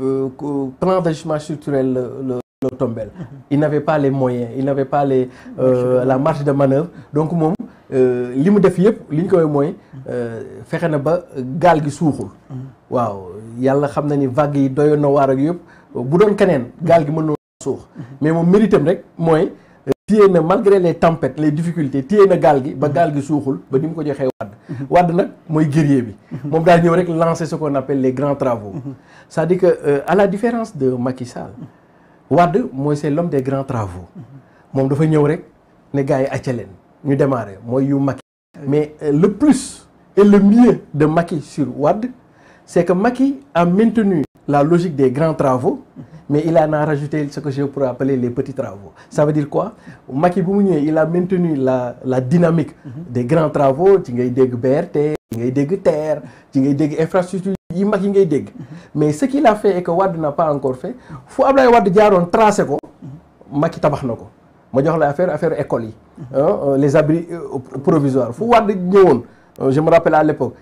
Euh, euh, plan d'ajustement structurel le le tombel il n'avait pas les moyens il euh, la marge de manœuvre donc moom li mu def yëpp li ñu koy mooy fexe na ba gaal gi suuxul waaw yàlla xam na ni vague yi doyoon na waar ak yëpp bu doon keneen gaal gi mën na suux mais moom méritam rek mooy téye na malgré les tempêtes les difficultés téye na gaal gi ba gaal gi suuxul ba ni mu ko joxee Wade nag mooy guerrier bi. moom daal ñëw rek lancer ce qu'on appelle les grands travaux. c'est-à-dire que euh, à la différence de Macky Sall. wadd mooy c'est l'homme des grands travaux. moom dafa ñëw rek ne gars yi acca leen ñu démarrer mooy yu Macky. mais euh, le plus et le mieux de Macky sur wadd c'est que Macky a maintenu la logique des grands travaux. mais il en a rajouté ce que je pourrais appeler les petits travaux. Ça dire quoi yi bu mu ñëwee il a maintenu la la dynamique mhm. des grands travaux ci ngay dégg BRT ci ngay dégg TER ci ngay dégg infrastructure yi mag yi ngay dégg mhm. mais ce qu'il a fait et que Wade n'a pas encore fait fu Ablaye Wade jaaroon tracé ko mhm. Macky tabax na ko ma jox la affaire affaire école yi euh, les abris euh, provisoires fu Wade ñëwoon euh, je me rappelle à l'époque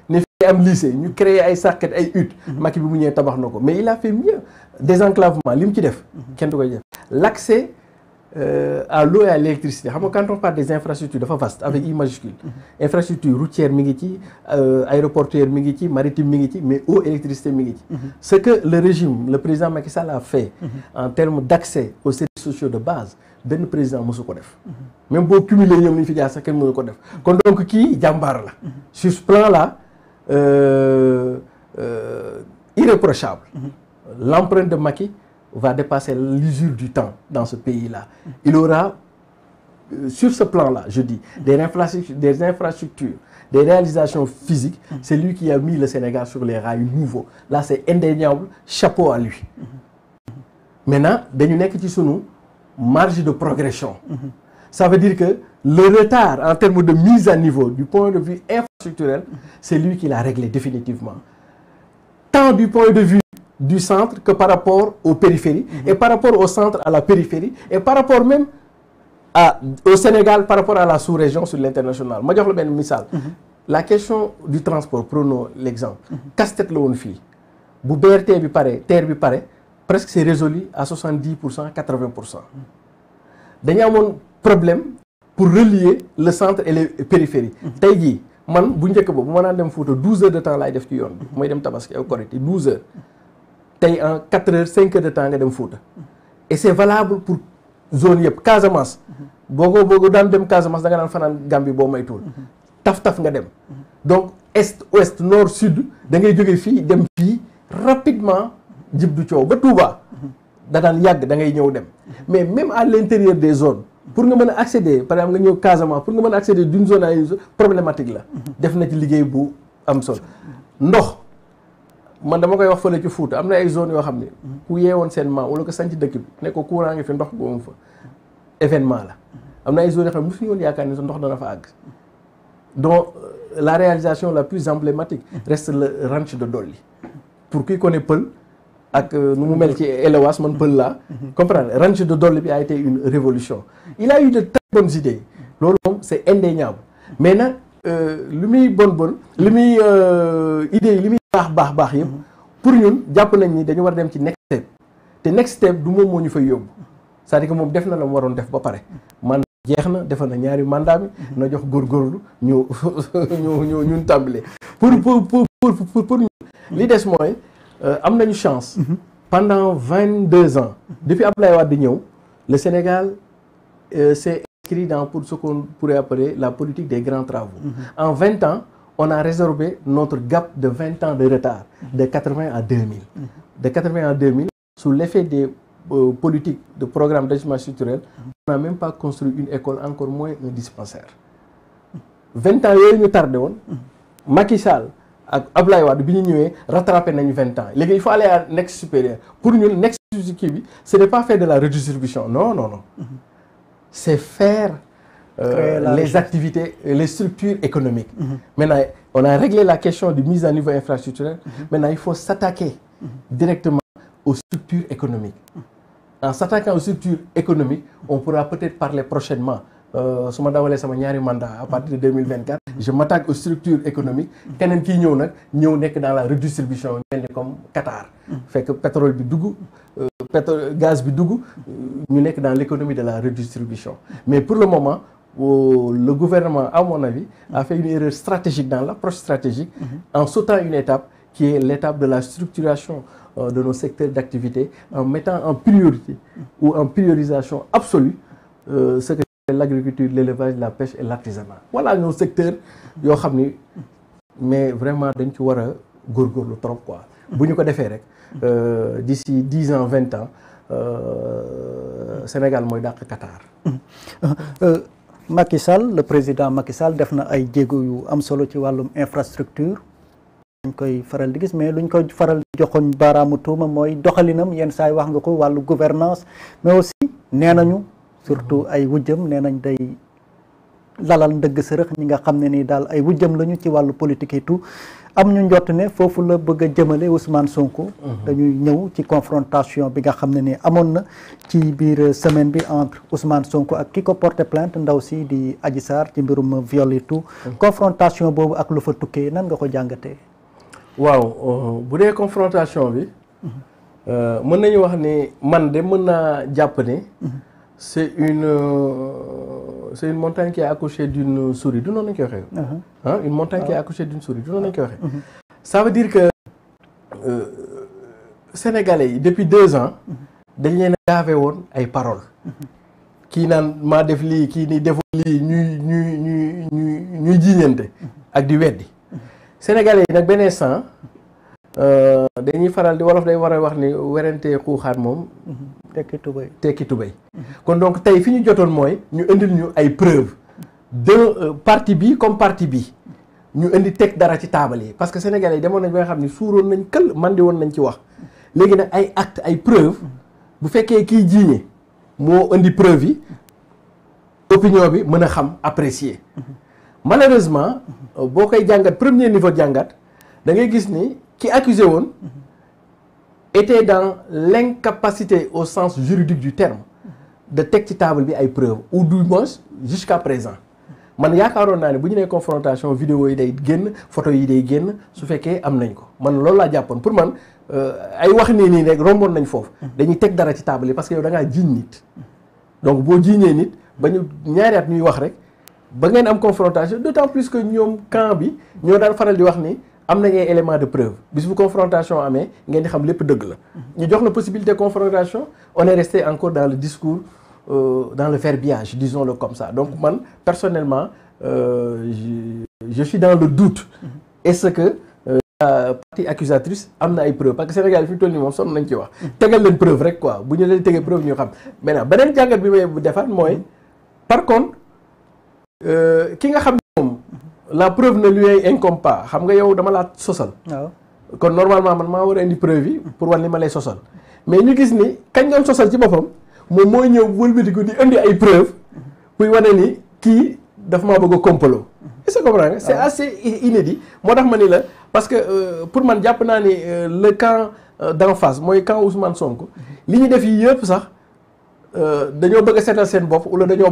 am lycée ñu créé ay sàkket ay hutte mhm. Macky bi mu ñëwee tabax na ko mais il a fait mieux désenclavement li mu ci def mhm. kenn du koy def l'accès euh, à l'eau et à l'électricité xam nga quand on parle des infrastructures dafa vaste avec mhm. I majuscule infrastructure routière mi ngi ci euh, aéroportuaire mi ngi ci maritime mi ngi ci mais eau électricité mi ngi ci ce que le régime le président Macky Sall a fait en termes d'accès aux services sociaux de base benn président mosu ko def même boo cumuler ñoom li ñu fi jaar sax kenn mënu ko def kon donc kii jàmbaar la Euh, euh, irréprochable. Mm-hmm. L'empreinte de Macky va dépasser l'usure du temps dans ce pays-là. Mm-hmm. Il aura, euh, sur ce plan-là, je dis, mm-hmm. des infrastructures, des infrastructures, des réalisations physiques. C'est lui qui a mis le Sénégal sur les rails nouveaux. Là, c'est indéniable. Chapeau à lui. Maintenant, dañu nekk ci sunu marge de progression. Ça veut dire que le retard en termes de mise à niveau du point de vue infrastructurel, c'est lui qui l'a réglé définitivement. Tant du point de vue du centre que par rapport aux périphéries, mmh. et par rapport au centre à la périphérie, et par rapport même à, au Sénégal, par rapport à la sous-région sur l'international. Je vais vous donner un La question du transport, prenons l'exemple. Mmh. Casse-tête le on fait. bu BRT bi pare TER bi pare presque c'est résolu à 70 pour cent 80 pour cent problème pour relier le centre et les périphéries. Mhm. tey jii man bu njëkk boobu bu ma naan dem Fouta 12 heures de temps laay def ci yoon bi. Mhm. mooy dem Tabaski ak Korité en 4 heures de temps nga dem Fouta. et c' valable pour zone yëpp Casamance. Mhm. boo ko boo ko daan dem Casamance da nga daan fanaan Gambie boo may maytuul. taf taf nga dem. donc est ouest nord sud da ngay jógee fii dem fii rapidement jib du coow ba Touba. da daan yàgg da ngay ñëw dem. mais même à l' intérieur des zones. pour nga mën a accéder par exemple nga ñëw Casamance pour nga mën a accéder d'une zone à problématique la. def na ci liggéey bu am solo. ndox man dama koy wax fële ci Fuuta am na ay zone yoo xam ne. ku yeewoon seen maam wala ko sanc dëkk bi ne ko courant ngi fi ndox boobu fa événement la. am na ay zones yoo xam ne mosuñu woon yaakaar ne ndox dana fa àgg. donc euh, la réalisation la plus emblématique. reste le ranch de Dolly. pour qui connaît Pël. ak nu mu mel ci élevage man pël laa comprendre ranch de Dolly bi ay tey une révolution il a eu de très bonnes idées loolu moom c'est indéniable mais nag li muy bon bon li muy idées yi li muy baax baax baax yëpp pour ñun jàpp nañ ni dañu war dem ci next step te next step du moom moo ñu fay yóbbu c'est-à-dire moom def na la mu waroon def ba pare man jeex na defal na ñaari mandat bi na jox góorgóorlu ñu ñu ñu ñun tàmbale pour pour pour pour pour ñu li des mooy Euh, am nañu chance. Mhm. pendant vingt deux ans. depuis Abdoulaye Wade di ñëw le Sénégal euh, s'est inscrit dans pour ce qu'on pourrait appeler la politique des grands travaux. Mhm. en vingt ans on a résorbé notre gap de vingt ans de retard. Mhm. de quatre vingt à deux mille. de quatre vingt à deux mille sous l'effet des euh, politiques de programme d'ajustement structurel. on n'a même pas construit une école encore moins un dispensaire. vingt ans yooyu ñu tardé woon. Macky ak Abdoulaye Wade bi ñu ñëwee rattrapé nañu vingt ans léegi il faut aller à next supérieur pour ñun next kii bi ce n'est pas faire de la redistribution non non non mm -hmm. c'est faire euh, les activités les structures économiques mm -hmm. maintenant on a réglé la question de mise à niveau infrastructurel mm -hmm. maintenant il faut s'attaquer mm-hmm. directement aux structures économiques mm-hmm. en s'attaquant aux structures économiques on pourra peut-être parler prochainement euh, su ma dawalee sama ñaari mandat à partir de 2024 mm-hmm. je m'attaque aux structures économiques keneen kii ñëw nag ñëw nekk dans la redistribution mel ni comme Qatar fekk pétrole bi dugg euh, pétrole gaz bi dugg ñu nekk dans l'économie de la redistribution mais pour le moment le gouvernement à mon avis a fait une erreur stratégique dans l'approche stratégique en sautant une étape qui est l'étape de la structuration euh, de nos secteurs d'activité en mettant en priorité ou en priorisation absolue euh, l'agriculture l'élevage la pêche et l'artisanat voilà nos secteurs yoo xam ni mais vraiment dañ ci war a góorgóorlu trop quoi bu ñu ko defee rek euh, d'ici dix ans vingt ans euh, Sénégal mooy dàq Qatar euh, euh Macky président Macky Sall def na ay jéego yu am solo ci wàllum infrastructure luñ koy faral di gis mais luñ koy faral di joxoñ baaraamu tuuma mooy doxalinam yenn saay wax nga ko wàllu gouvernance mais aussi nee nañu surtout ay wujjam nee nañ day lalal ndëgg sërëx ñi nga xam ne nii daal ay wujjam lañu ci wàllu politique am ñu njott ne foofu la bëgg a jëmale Ousmane Sonko. Mhm. dañuy ñëw ci confrontation bi nga xam ne nii amoon na ci biir semaine bi entre Ousmane Sonko ak ki ko porté plainte ndaw si di ajisaar ci mbirum viol et tout. Mhm. confrontation boobu ak lu fa tukkee nan nga ko jàngatee. waaw euh, bu dee confrontation bi. Mhm. Euh, mën nañu wax ni man de mën naa jàpp ni. c'est une euh, c'est une montagne qui est accouchée d'une souris du noonu lañ koy waxee. ah une montagne qui est ah. accouchée d'une souris du noonu lañ koy waxee. Uh-huh. ça dire que euh, sénégalais yi depuis deux ans. Uh-huh. dañ leen a gaawee woon ay parole kii naan maa def lii kii nii deful lii ñuy ñuy ñuy ñuy ñuy jiiñante. ak di weddi. sénégalais yi nag beneen sens. Euh, dañuy faral di wolof day war a wax ni werantee xuuxaat moom. Mhm. tekki tubay tekki tubay. Mhm. kon donc tey fi ñu jotoon mooy ñu indil ñu ay preuve de euh, parti bi comme parti bi ñu indi teg dara ci taabal yi parce que sénégalais yi demoon nañ ba nga xam ni suuroon nañ kël di woon nañ ci wax léegi nag ay acte ay preuve bu fekkee kiy jiiñe moo indi preuve yi opinion bi mën a xam apprécier mhm. malheureusement boo koy jàngat premier niveau jàngat da ngay gis ni. qui accusé woon était dans l'incapacité au sens juridique du terme de teg ci table bi ay preuves ou du moins jusqu'à présent man yaakaaroon naa ne bu ñu nee confrontation vidéo yi day génn photo yi day génn su fekkee am nañ ko man loolu laa jàppoon pour man euh, ay wax nii nii rek romboon nañ foofu dañuy teg dara ci table yi parce que yow da ngaa jiiñ nit donc boo jiiñee nit ba ñu ñaari ñuy wax rek ba ngeen am confrontation d'autant plus que ñoom camp bi ñoo daan faral di wax ni am na ay éléments de preuve bis bu confrontation amee ngeen di xam lépp dëgg la. ñu jox la possibilité confrontation on est resté encore dans le discours euh, dans le verbiage disons-le comme ça donc man personnellement euh, je, suis dans le doute. Mm-hmm. est-ce que euh, la accusatrice am na ay preuves parce que Sénégal fi mu toll nii moom sonn nañ ci wax. Mm-hmm. tegal leen preuve rek quoi bu ñu leen tegee preuve ñu xam maintenant beneen jàngat bi bu defaat mooy par contre euh, la preuve ne lui est incompa xam nga yow dama laa sosal. waaw kon normalement man maa war a indi preuve yi pour wan li ma lay sosal. mais ñu gis ni kañ doon sosal ci boppam moom mooy ñëw wëlbatiku di indi ay preuve pour wane ni kii daf maa bëgg a complot. Mm-hmm. est-ce que c'est ah. assez inédit. moo tax ma ni la parce que euh, pour man jàpp naa ni euh, le camp euh, d'en face mooy camp Ousmane sonk mm-hmm. li ñu def yi yëpp sax dañoo bëgg a seen bopp wala dañoo.